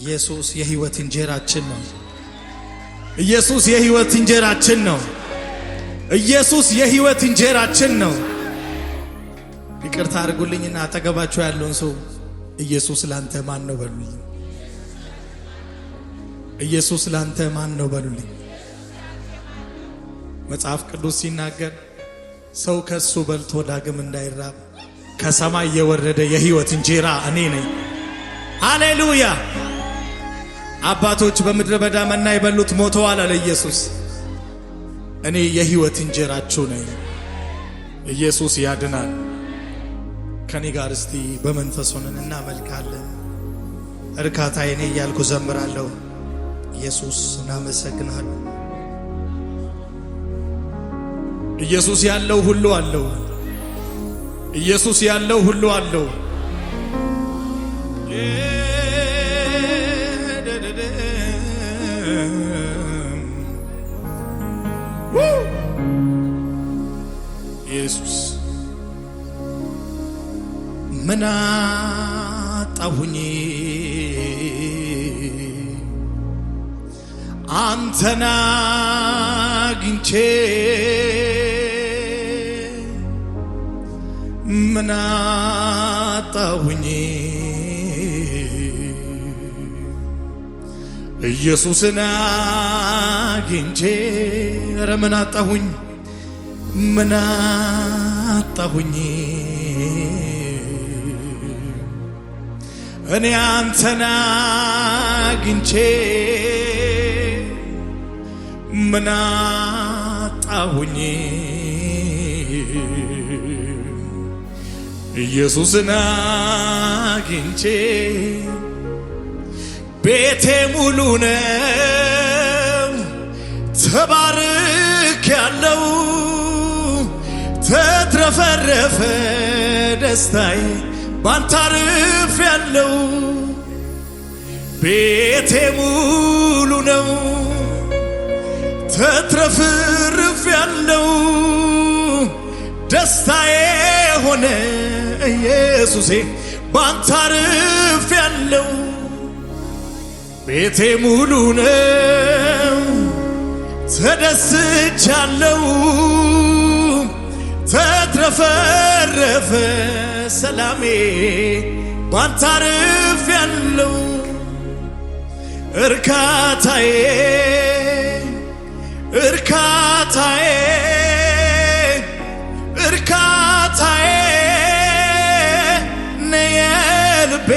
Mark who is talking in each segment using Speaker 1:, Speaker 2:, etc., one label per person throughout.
Speaker 1: ኢየሱስ የህይወት እንጀራችን ነው። ኢየሱስ የህይወት እንጀራችን ነው። ኢየሱስ የህይወት እንጀራችን ነው። ይቅርታ አድርጉልኝና አጠገባችሁ ያለውን ሰው ኢየሱስ ላንተ ማን ነው በሉልኝ። ኢየሱስ ላንተ ማን ነው በሉልኝ። መጽሐፍ ቅዱስ ሲናገር ሰው ከሱ በልቶ ዳግም እንዳይራብ ከሰማይ የወረደ የህይወት እንጀራ እኔ ነኝ። ሃሌሉያ አባቶች በምድረ በዳ መና የበሉት ሞተዋል አለ ኢየሱስ። እኔ የህይወት እንጀራችሁ ነኝ። ኢየሱስ ያድናል። ከኔ ጋር እስቲ በመንፈስ ሆነን እናመልካለን። እርካታ የኔ እያልኩ ዘምራለሁ። ኢየሱስ እናመሰግናለን። ኢየሱስ ያለው ሁሉ አለው። ኢየሱስ ያለው ሁሉ አለው። አይደለም ኢየሱስ ምን አጣሁኝ አንተን አግኝቼ ምን አጣሁኝ ኢየሱስን አግኝቼ ኧረ ምን አጣሁኝ ምን አጣሁኝ እኔ አንተን አግኝቼ ምን አጣሁኝ ኢየሱስን አግኝቼ ቤቴ ሙሉ ነው፣ ተባርክ ያለው ተትረፈረፈ ደስታዬ ባንታርፍ ያለው ቤቴ ሙሉ ነው፣ ተትረፍርፍ ያለው ደስታዬ ሆነ ኢየሱሴ ባንታርፍ ቤቴ ሙሉ ነው፣ ተደስቻለው፣ ተትረፈረፈ ሰላሜ ባንተ አርፍ ያለው እርካታዬ እርካታዬ እርካታዬ ነየልቤ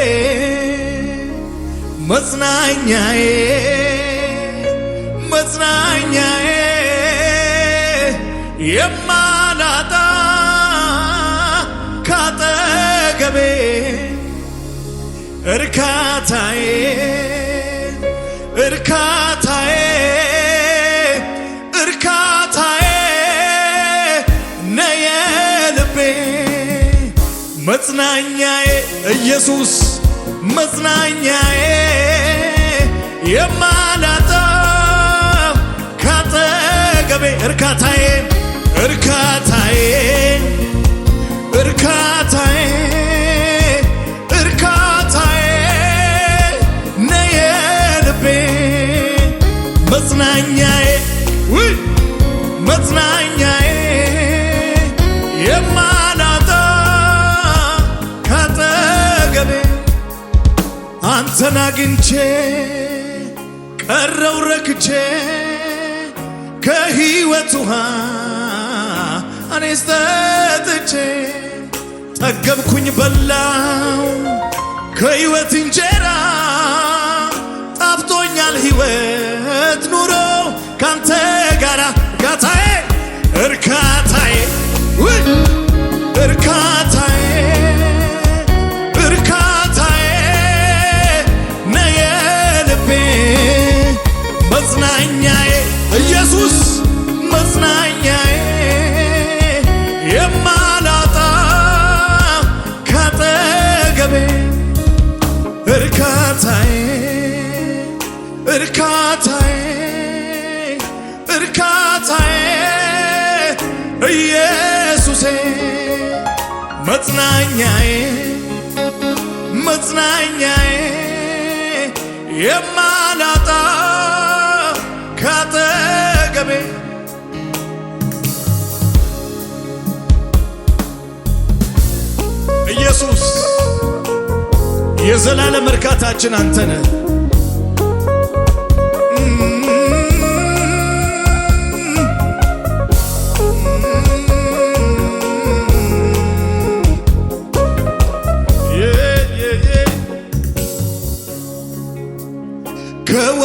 Speaker 1: መጽናኛዬ መጽናኛዬ የማላጣ ካጠገቤ እርካታዬ እርካታዬ እርካታዬ ነየልቤ መጽናኛዬ ኢየሱስ መጽናኛዬ የማላጣው ካጠገቤ እርካታዬ እርካታዬ እርካታዬ እርካታዬ ነየልቤ መጽናኛ አንተን አግኝቼ ቀረው ረክቼ ከህይወት ውሃ እኔስ ጠገብኩኝ በላው ከህይወት እንጀራ ጣፍቶኛል ህይወት ኑሮ ካንተ ጋራ እርካታዬ እርካታዬ እርካታዬ መጽናኛዬ የማላጣ ካጠገቤ ኢየሱስ የዘላለም እርካታችን አንተ ነህ።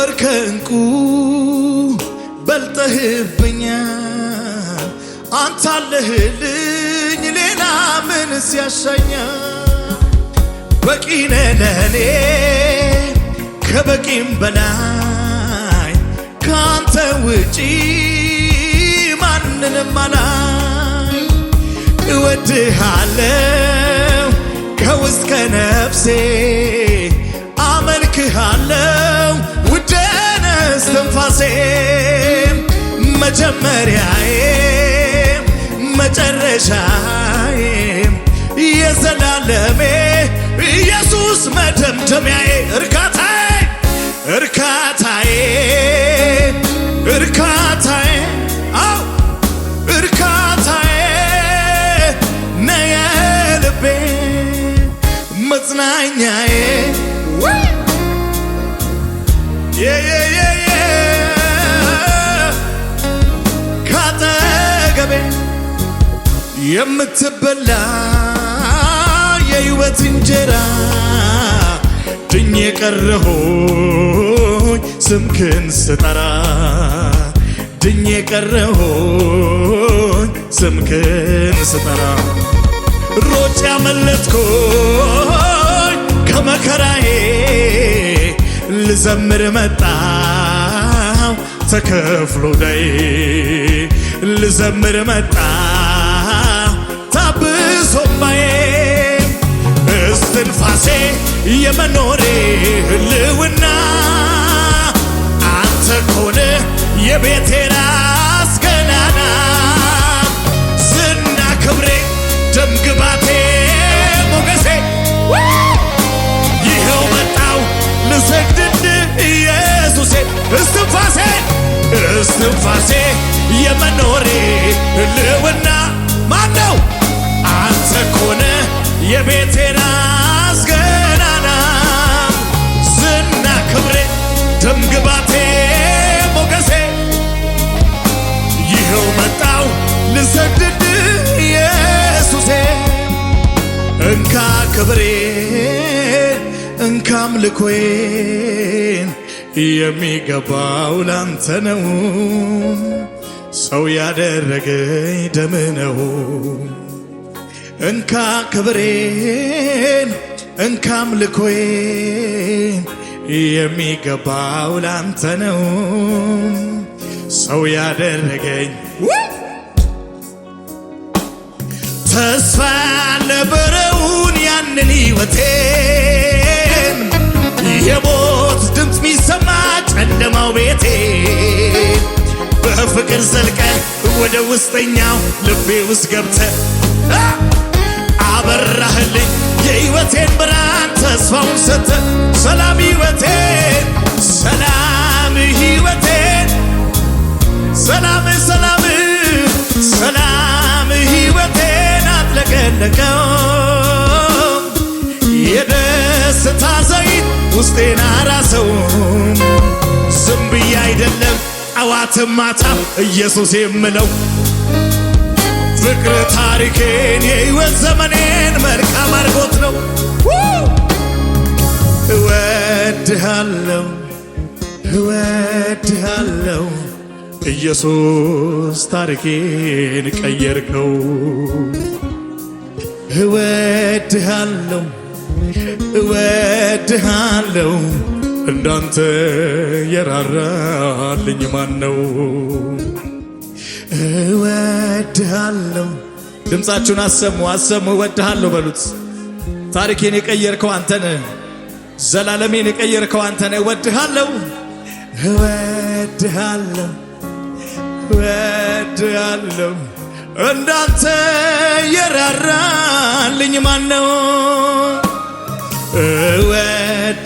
Speaker 1: ከማር ከእንቁ በልጠህብኛል። አንተ አለህልኝ ሌላ ምን ሲያሻኛ በቂ ነለኔ ከበቂም በላይ ከአንተ ውጪ ማንንም አላይ እወድሃለው ከውስከ ነፍሴ ውዳሴም መጀመሪያዬ መጨረሻዬም የዘላለሜ ኢየሱስ መደምደሚያዬ እርካታዬ እርካታዬ እርካታዬ አው እርካታዬ ነየ ልቤ መጽናኛዬ የምትበላ የህይወት እንጀራ ድኝ ቀረሆኝ ስምህን ስጠራ ድኜ ቀረሆኝ ስምህን ስጠራ ከመከራዬ ልዘምር መጣው ተከፍሎ ዳዬ ልዘምር መጣ መባዬ እስትንፋሴ የመኖሬ ህልውና አንተ ከሆነ የቤቴ ራስ ገናና ዝና ክብሬ ደምግባቴ ሞገሴ ይኸው መጣው ልሰግድድ ኢየሱሴ እስትንፋሴ እስትንፋሴ የመኖሬ ክብሬን እንካምልኮዬን የሚገባው ላንተ ነው። ሰው ያደረገኝ ደም ነው። እንካ ክብሬን እንካምልኮዬን የሚገባው ላንተ ነው። ሰው ያደረገኝ ተስፋ ነበረ ያንን ህይወቴን የሞት ድምፅ ሚሰማ ጨለማው ቤቴ በፍቅር ዘልቀ ወደ ውስጠኛው ልቤ ውስጥ ገብተ አበራህልኝ የህይወቴን ብርሃን ተስፋውን ሰተ ሰላም ህይወቴን ሰላም ህይወቴን ሰላም ሰላም ሰላም ህይወቴን አጥለቀለቀው የደስታ ዘይት ውስጤን አራሰው። ዝም ብዬ አይደለም ጠዋትም ማታ ኢየሱስ የምለው ፍቅር ታሪኬን የሕይወት ዘመኔን መልካም አድርጎት ነው። እወድሃለው እወድሃለው ኢየሱስ ታሪኬን ቀየርገው እወድሃለው እወድሃለው እንዳንተ የራራልኝ ማን ነው? እወድሃለው ድምፃችሁን አሰሙ አሰሙ። እወድሃለሁ በሉት። ታሪኬን የቀየርከው አንተነ ዘላለሜን የቀየርከው አንተነ። እወድሃለው እወድሃለው እወድሃለው እንዳንተ የራራልኝ ማን ነው?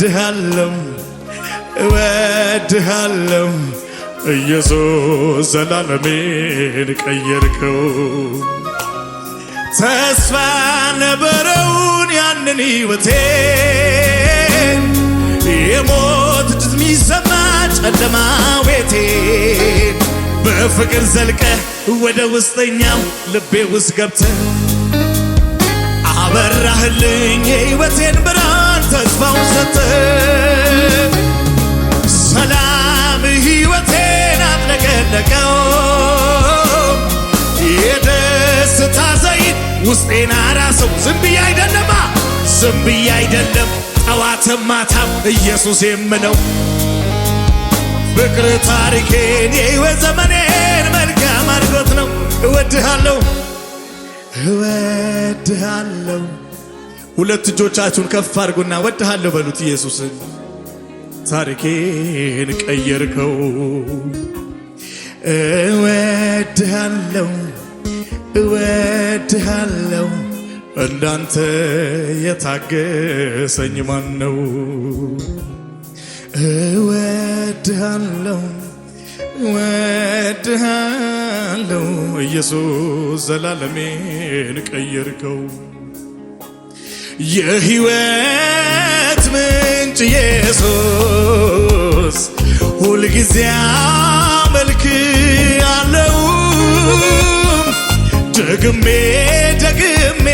Speaker 1: እወድሃለሁ እወድሃለሁ ኢየሱስ ዘላለሜን ቀየርከው። ተስፋ ነበረውን ያንን ሕይወቴን የሞት ድል የሚሰማ ጨለማ ቤቴን በፍቅር ዘልቀ ወደ ውስጠኛው ልቤ ውስጥ ገብተ አበራህልኝ የሕይወቴ ውስጤን አራሰው። ዝም ብዬ አይደለማ ዝም ብዬ አይደለም ጠዋትም ማታም ኢየሱስ የምለው ፍቅር ታሪኬን የህይወት ዘመኔን መልካም አድርጎት ነው። እወድሃለሁ እወድሃለሁ። ሁለት እጆቻችሁን ከፍ አድርጉና እወድሃለሁ በሉት ኢየሱስን። ታሪኬን ቀየርከው እወድሃለሁ እወድሃለው እንዳንተ የታገሰኝ ማን ነው? እወድሃለው እወድሃለው ኢየሱስ ዘላለሜን ቀየርከው የህይወት ምንጭ ኢየሱስ ሁልጊዜ መልክ አለው ደግሜ ደግሜ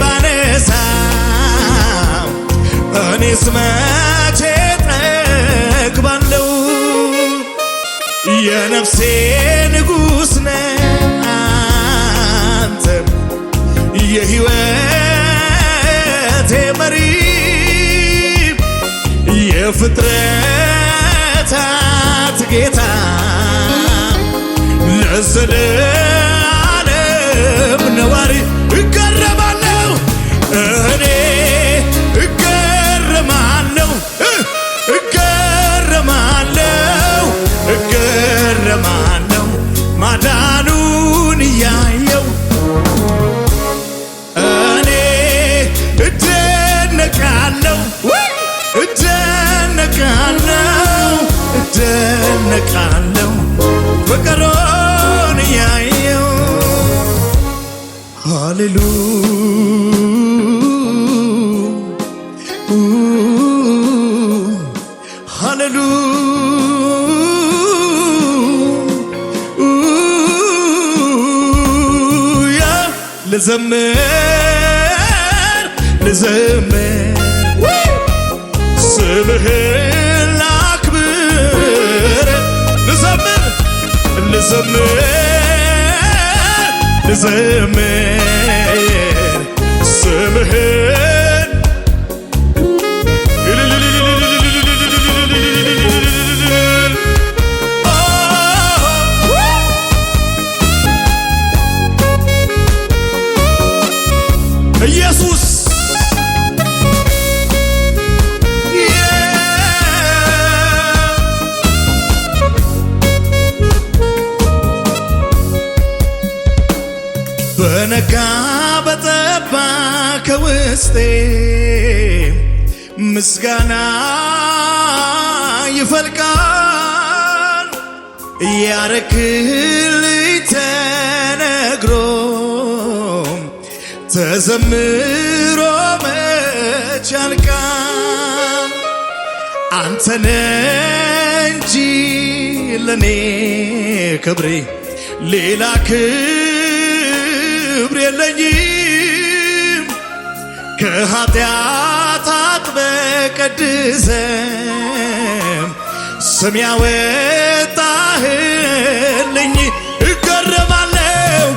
Speaker 1: ባነሳ እኔስ መቼ ጠግባለው? የነፍሴ ንጉሥ ነህ አንተ የሕይወቴ መሪ የፍጥረታት ጌታ አልሉ ሃሌሉ ያ ልዘምር ልዘምር ስምህን ላክብር ልዘምር ልዘምር ልዘምር ብርሃን ኢየሱስ በስቴ ምስጋና ይፈልቃል ያረክልኝ ተነግሮ ተዘምሮ መቻልቃል አንተነ እንጂ ለኔ ክብሬ ሌላ ክብር የለኝ ከኃጢአታት በቀድሰም ስም ያወጣህልኝ እገረማለሁ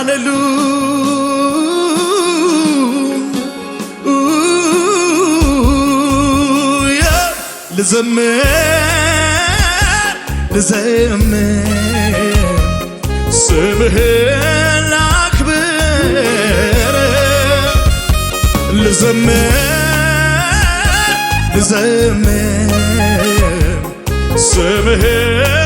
Speaker 1: ሃሌሉያ ልዘምር ልዘምር ስምህን ላክብር ልዘምር ልዘምር ስምህን